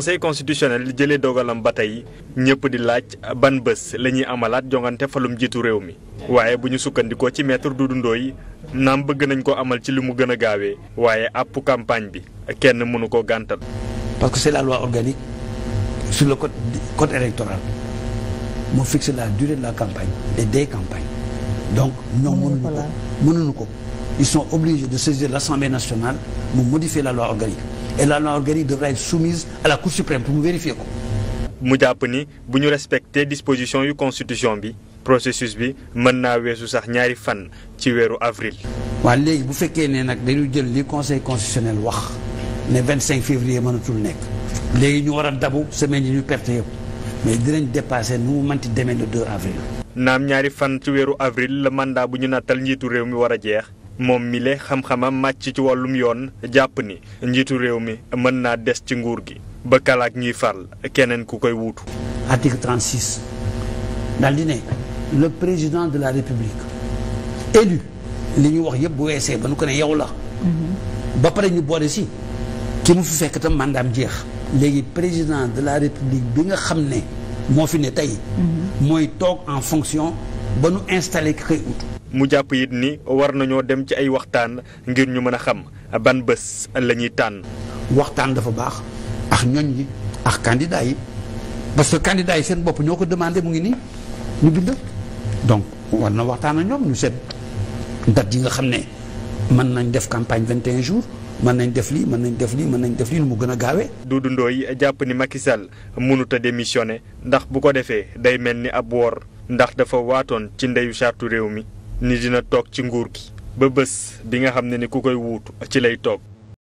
conseil constitutionnel jëlee dogalam ba tey ñëpp di laaj ban bés lañuy amalaat jongante falum jiitu réew mi waaye bu ñu sukkandikoo ci maître Doudou Ndoye naam bëgg nañ ko amal ci li mu gën a gaawee waaye àpp campagne bi kenn mënu ko gàntal. parce que c'est la loi organique sur le code code électoral moo fixe la durée la campagne et des campagnes donc ñoom mënuñu ko mënuñu ko ils sont obligés de saisir l'Assemblée nationale mu modifier la loi organique. et la loi organique devra être soumise à la Cour suprême pour mu vérifier ko. mu jàpp ni bu ñu respecté disposition yu constitution bi processus bi mën naa weesu sax ñaari fan ci weeru avril. waa léegi bu fekkee ne nag dañu jël li conseil constitutionnel wax ne 25 février mënatul nekk léegi ñu war a dabu semaine yi ñu perte yëpp mais dinañ dépassé nu mu mënti demee le 2 avril. naam ñaari fan ci weeru avril la mandat bu ñu nattal njiitu réew mi war a jeex. moom mile xam a màcc ci wàllum yoon jàpp ni njiitu réew mi mën naa des ci nguur gi ba kalaak ñuy faral keneen ku koy wuutu. article 36 daal di ne le président de la république élu li ñu wax yëpp bu weesee ba nu ko ne yow la. Mhm. ba pare ñu boole si ki mu fi fekk itam mandaam jeex. léegi président de la république bi nga xam ne moo fi ne tey. Mhm. mooy toog en fonction ba nu installé ki koy ut. mu jàpp yit ni war nañoo dem ci ay waxtaan ngir ñu mën a xam ban bés la ñuy tànn. waxtaan dafa baax ak ñoñ yi ak candidat yi parce que candidat yi seen bopp ñoo ko demandé mu ngi nii ñu bind. donc war na waxtaan ak ñoom ñu seet date yi nga xam ne mën nañ def campagne 21 jours. mën nañ def lii mën nañ def lii mën nañ def lii nu mu gën a gaawee. Doudou Ndoye jàpp ni Macky Sall mënut a démissionné ndax bu ko defee day mel ni ab woor ndax dafa waatoon ci ndeyu chartu réew mi. ni dina toog ci nguur gi ba bés bi nga xam ne ni ku koy wuutu ci lay toog